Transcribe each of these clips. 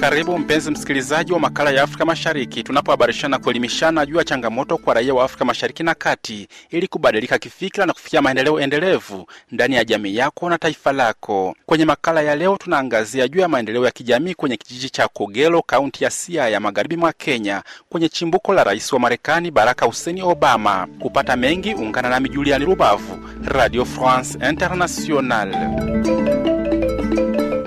Karibu mpenzi msikilizaji wa makala ya Afrika Mashariki, tunapohabarishana kuelimishana juu ya changamoto kwa raia wa Afrika Mashariki na Kati ili kubadilika kifikira na kufikia maendeleo endelevu ndani ya jamii yako na taifa lako. Kwenye makala ya leo, tunaangazia juu ya maendeleo ya kijamii kwenye kijiji cha Kogelo, kaunti ya Siaya, magharibi mwa Kenya, kwenye chimbuko la rais wa Marekani Baraka Hussein Obama. Kupata mengi, ungana nami Juliani Rubavu, Radio France International.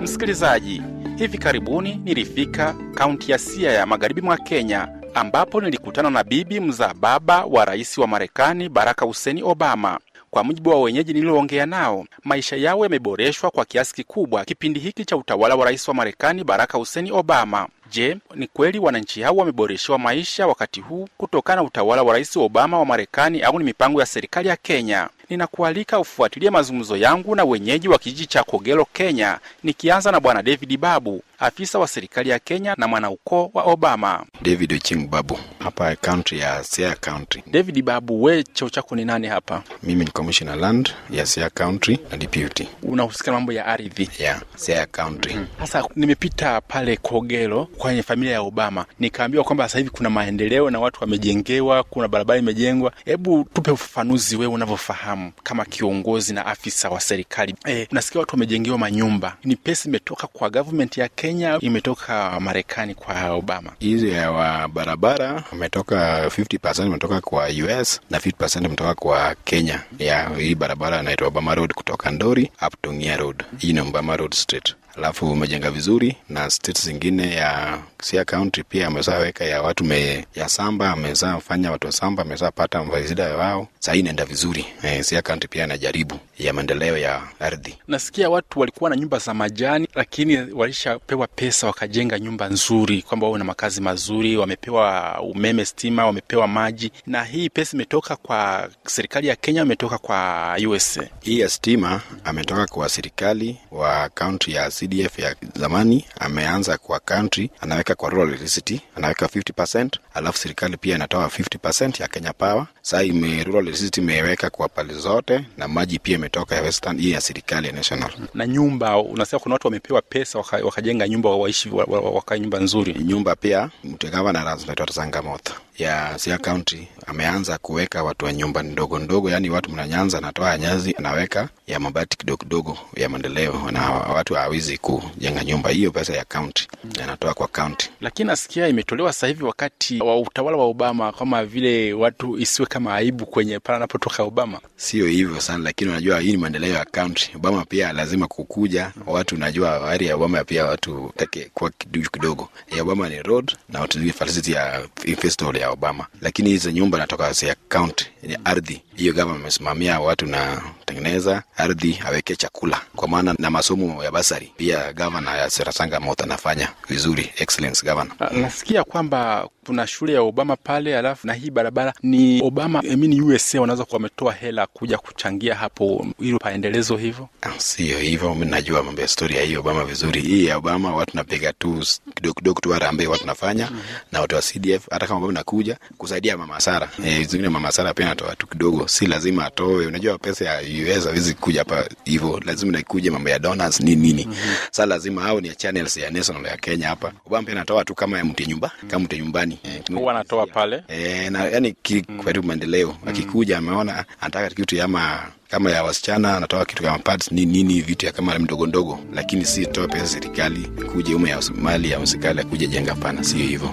Msikilizaji Hivi karibuni nilifika kaunti ya Siaya ya magharibi mwa Kenya ambapo nilikutana na bibi mzaa baba wa rais wa Marekani Baraka Hussein Obama. Kwa mujibu wa wenyeji nililoongea nao, maisha yao yameboreshwa kwa kiasi kikubwa kipindi hiki cha utawala wa rais wa Marekani Baraka Hussein Obama. Je, ni kweli wananchi hao wameboreshewa maisha wakati huu kutokana na utawala wa rais Obama wa Marekani au ni mipango ya serikali ya Kenya? ninakualika ufuatilie mazungumzo yangu na wenyeji wa kijiji cha Kogelo, Kenya, nikianza na Bwana David Babu afisa wa serikali ya Kenya na mwanaukoo wa Obama. David Oching Babu hapa kaunti ya Siaya Kaunti. David Babu, we cheo chako ni nani hapa? Mimi ni commissioner land ya Siaya Kaunti na deputy. Unahusika na mambo ya ardhi ya Siaya County. Hmm. Sasa mm -hmm. Nimepita pale Kogelo kwenye familia ya Obama nikaambiwa kwamba sasa hivi kuna maendeleo na watu wamejengewa, kuna barabara imejengwa. Hebu tupe ufafanuzi wewe unavyofahamu kama kiongozi na afisa wa serikali. E, nasikia watu wamejengewa manyumba, ni pesa imetoka kwa government ya Kenya Kenya imetoka Marekani kwa Obama. Hizi ya wa barabara imetoka 50% imetoka kwa US na 50% imetoka kwa Kenya. Ya hii barabara inaitwa Obama Road kutoka Ndori up to Road. Hii ni Obama Road Street alafu umejenga vizuri na states zingine ya Siaya County pia ameweza weka ya watu me, ya Samba ameweza fanya watu wa Samba ameweza pata mfaizida wao, sahii inaenda vizuri e, eh, Siaya County pia inajaribu ya maendeleo ya ardhi. Nasikia watu walikuwa na nyumba za majani, lakini walishapewa pesa wakajenga nyumba nzuri, kwamba wawe na makazi mazuri, wamepewa umeme, stima, wamepewa maji, na hii pesa imetoka kwa serikali ya Kenya, imetoka kwa USA. Hii ya stima ametoka kwa serikali wa kaunti ya CDF ya zamani ameanza kwa country, anaweka kwa rural electricity, anaweka 50%, alafu serikali pia inatoa 50% ya Kenya Power. Sasa ime rural electricity imeweka kwa pale zote, na maji pia imetoka ya Western, hii ya serikali ya national. Na nyumba, unasema kuna watu wamepewa pesa wakajenga waka nyumba waishi waka nyumba nzuri. Nyumba pia mtegava na razo natoa changamoto ya Siaya County ameanza kuweka watu wa nyumba ndogo ndogo, yani watu mnanyanza anatoa nyazi anaweka ya mabati kidogo kidogo ya maendeleo, na watu hawawezi hawezi kujenga nyumba. Hiyo pesa ya kaunti yanatoa kwa kaunti, lakini nasikia imetolewa sasa hivi wakati wa utawala wa Obama, kama vile watu isiwe kama aibu kwenye pale anapotoka Obama. Sio hivyo sana, lakini unajua hii ni maendeleo ya kaunti. Obama pia lazima kukuja watu, unajua hari ya Obama pia watu take kwa kiduu kidogo. Ya Obama ni road na watu facility ya festival ya Obama, lakini hizo nyumba natoka ya kaunti, ni ardhi hiyo, gava amesimamia watu na kutengeneza ardhi aweke chakula, kwa maana na masomo ya basari pia. Gavana ya Serasanga Mot anafanya vizuri, excellence gavana. Ah, nasikia kwamba kuna shule ya Obama pale, alafu na hii barabara ni Obama mini USA wanaweza kuwa wametoa hela kuja kuchangia hapo ili paendelezo hivyo. Ah, sio hivyo, mi najua mambo ya stori ya hii Obama vizuri. Hii ya Obama watu napiga tu kidogo kidogo tu wale ambao watu nafanya mm -hmm. na watu wa CDF hata kama bado nakuja kusaidia mama Sara mm -hmm. E, eh, zingine mama Sara pia anatoa tu kidogo, si lazima atoe, unajua pesa ya US wezi kuja hapa hivyo, lazima naikuja mambo ya donors nini nini. mm -hmm. Sasa lazima au ni channels ya national ya Kenya hapa. Obama pia anatoa tu kama ya mtu nyumba mhm. kama mtu nyumbani e, huwa anatoa pale Eh, na yani mhm. kwa mm -hmm. kwa maendeleo mm -hmm. akikuja ameona anataka kitu ama kama ya wasichana anatoa kitu kama pads ni nini vitu ya kama mdogo ndogo, lakini si toa pesa serikali kuje ume ya mali ya serikali kuje jenga, pana sio hivyo.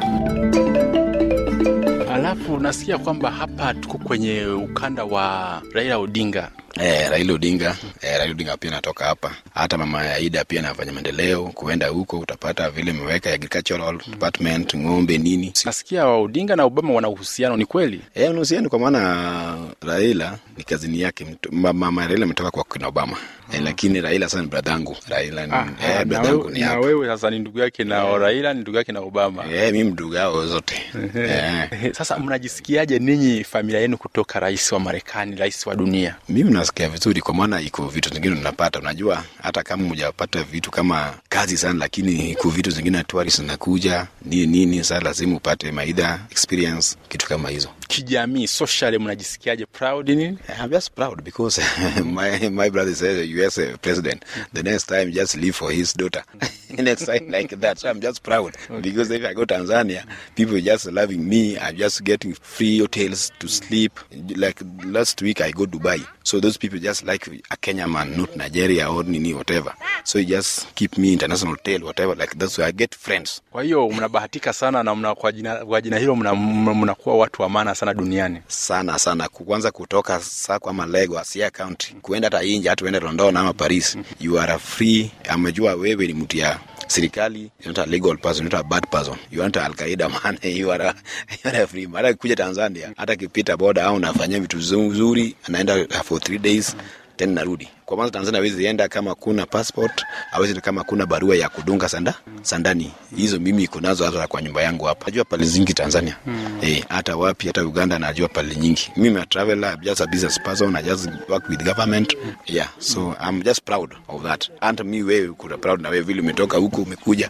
Alafu nasikia kwamba hapa tuko kwenye ukanda wa Raila Odinga Eh, Raila Odinga eh, Raila Odinga pia anatoka hapa. Hata mama ya Ida pia anafanya maendeleo, kuenda huko utapata vile ameweka agricultural mm. department, ng'ombe nini. Nasikia wa Odinga na Obama wana uhusiano, ni kweli? Eh, uhusiano kwa maana Raila ni kazini yake, mama ya Raila ametoka kwa kina Obama mm. eh, ah. lakini Raila sasa ni bradangu. Raila ni ah, eh, ah, bradangu ni hapa. Na wewe sasa ni ndugu yake na yeah. Raila ni ndugu yake na Obama. Eh, mimi ndugu wao zote. eh. Sasa mnajisikiaje ninyi familia yenu kutoka rais wa Marekani, rais wa dunia? Mimi nasikia vizuri, kwa maana iko vitu vingine unapata. Unajua, hata kama ujapata vitu kama kazi sana, lakini ku vitu zingine tourist zinakuja nini nini, saa lazima upate maida experience, kitu kama hizo. Kijamii social, mnajisikiaje? proud nini? I'm just proud because my my brother is a US president the next time just live for his daughter next time like that so I'm just proud okay. because if I go Tanzania people just loving me I'm just getting free hotels to sleep like last week I go Dubai so those people just like a Kenyan man not Nigeria or nini whatever so it just keep me international hotel whatever like that's where I get friends. Kwa hiyo mnabahatika sana na mna, kwa, jina, kwa jina hilo mnakuwa watu wa maana sana duniani sana sana, kuanza kutoka Sako ama Lagos Asia county kuenda hata inje, hata uende London ama Paris mhm. you are a free. Amejua wewe ni mtu ya serikali, you're not a legal person, you're not a bad person, you aren't Al Qaeda man, you are a, you are a free man. Hata kuja Tanzania, hata kipita boda au nafanyia vitu vizuri, anaenda for 3 days then narudi kwa maana Tanzania hawezi enda kama kuna passport, hawezi kama kuna barua ya kudunga sanda sandani. Hizo mimi iko nazo hata kwa nyumba yangu hapa. Najua pale zingi Tanzania. Mm. Eh, hata wapi hata Uganda najua pale nyingi. Mimi a traveler, I'm just a business person, I just work with government. Yeah, so I'm just proud of that. And me wewe uko proud na wewe vile umetoka huko umekuja.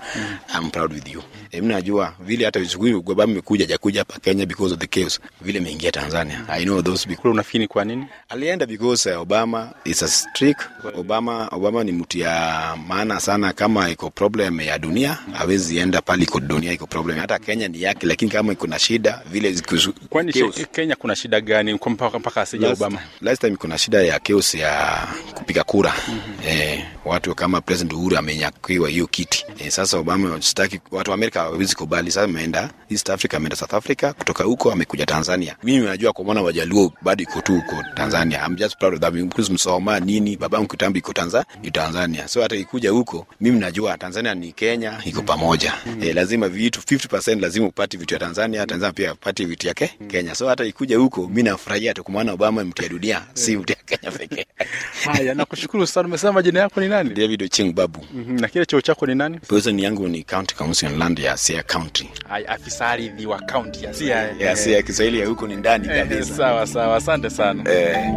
I'm proud with you. Eh, mimi najua vile hata usiku ugoba umekuja jakuja hapa Kenya because of the chaos. Vile umeingia Tanzania. I know those people. Unafikiri kwa nini? Alienda because Obama is a street Mozambique. Obama, Obama ni mtu ya maana sana. Kama iko problem ya dunia hawezi enda pale, iko dunia iko problem. Hata Kenya ni yake, lakini kama iko na shida vile zikuzu, kwani Kenya kuna shida gani mpaka mpaka asije Obama? Last time kuna shida ya chaos ya kupiga kura mm -hmm. Eh, watu kama President Uhuru amenyakiwa hiyo kiti eh, sasa Obama hawataki watu wa Amerika hawezi kubali. Sasa ameenda East Africa, ameenda South Africa, kutoka huko amekuja Tanzania. Mimi najua kwa maana Wajaluo bado iko tu huko Tanzania. I'm just proud of that. because Msoma nini babangu kitambo iko Tanzania, Tanzania. So hata ikuja huko mimi najua Tanzania ni Kenya iko pamoja. Mm. Eh, lazima vitu 50% lazima upate vitu ya Tanzania, Tanzania pia upate vitu yake hmm. Kenya. So hata ikuja huko mimi nafurahia tu kumwona Obama mtu ya dunia hmm. si mtu ya Kenya pekee. Haya, nakushukuru sana. Umesema jina yako ni nani? David Ching Babu. Mm-hmm. Na kile cheo chako ni nani? Position yangu ni County Council land ya Siaya County. Ai, afisa ardhi wa county ya Siaya. Ya yeah, Siaya, Kiswahili ya huko ni ndani eh, kabisa. Sawa sawa, asante sana. Eh.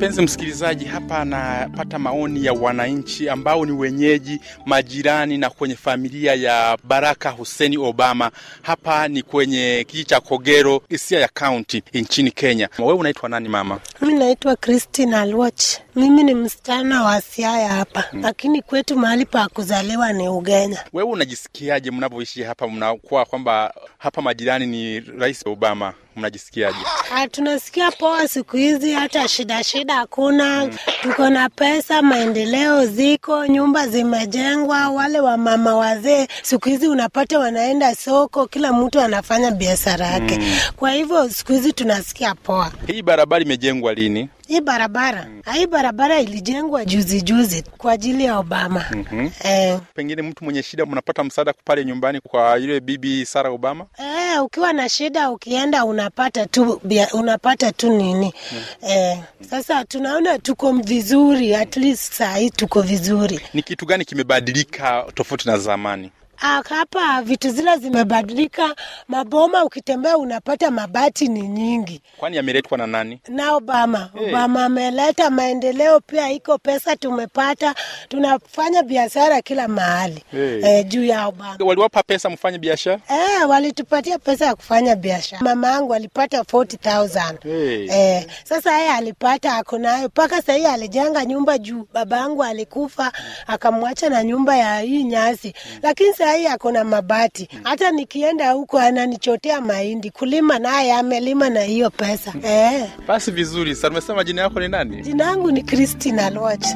Mpenzi msikilizaji, hapa anapata maoni ya wananchi ambao ni wenyeji, majirani na kwenye familia ya Baraka Huseni Obama. Hapa ni kwenye kijiji cha Kogero, ya kaunti nchini Kenya. Wewe unaitwa nani mama? mi naitwa cristin Alwach. Mimi ni msichana wa Siaya hapa hmm, lakini kwetu mahali pa kuzaliwa ni Ugenya. Wewe unajisikiaje mnavyoishi hapa, mnakuwa kwamba hapa majirani ni Rais Obama, mnajisikiaje? Ah, tunasikia poa siku hizi, hata shida shida msaada hakuna Tuko na pesa, maendeleo ziko, nyumba zimejengwa. Wale wamama wazee siku hizi unapata wanaenda soko, kila mtu anafanya biashara yake mm. Kwa hivyo siku hizi tunasikia poa. Hii barabara imejengwa lini? hii barabara hii barabara ilijengwa juzi juzi kwa ajili ya Obama. mm -hmm. Eh, pengine mtu mwenye shida mnapata msaada pale nyumbani kwa yule bibi Sara Obama. Eh, ukiwa na shida ukienda unapata tu unapata tu nini? mm Eh, sasa tunaona tuko vizuri, at least saa hii tuko vizuri. Ni kitu gani kimebadilika tofauti na zamani? Ah, hapa vitu zile zimebadilika, maboma ukitembea unapata mabati ni nyingi. Kwani ameletwa na nani? Na Obama. Hey. Obama ameleta maendeleo pia, iko pesa tumepata, tunafanya biashara kila mahali. Hey. E, juu ya Obama waliwapa pesa mfanye biashara e, walitupatia pesa ya kufanya biashara. Mama yangu alipata 40000 hey. E, sasa yeye alipata ako nayo mpaka sahii, alijenga nyumba juu babangu alikufa hmm. akamwacha na nyumba ya hii nyasi, Hmm. lakini saa hii ako na mabati, hmm. hata nikienda huko ananichotea mahindi. Kulima naye amelima na hiyo pesa hmm. eh. Basi vizuri sana. Umesema jina yako ni nani? Jina yangu ni Christina Lodge.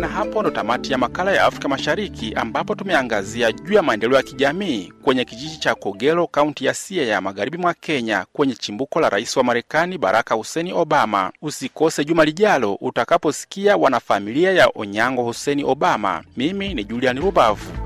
Na hapo ndo tamati ya makala ya Afrika Mashariki ambapo tumeangazia juu ya maendeleo ya kijamii kwenye kijiji cha Kogelo, kaunti ya Siaya, magharibi mwa Kenya, kwenye chimbuko la rais wa Marekani Baraka Huseni Obama. Usikose juma lijalo utakaposikia wanafamilia ya Onyango Huseni Obama. Mimi ni Julian Rubavu.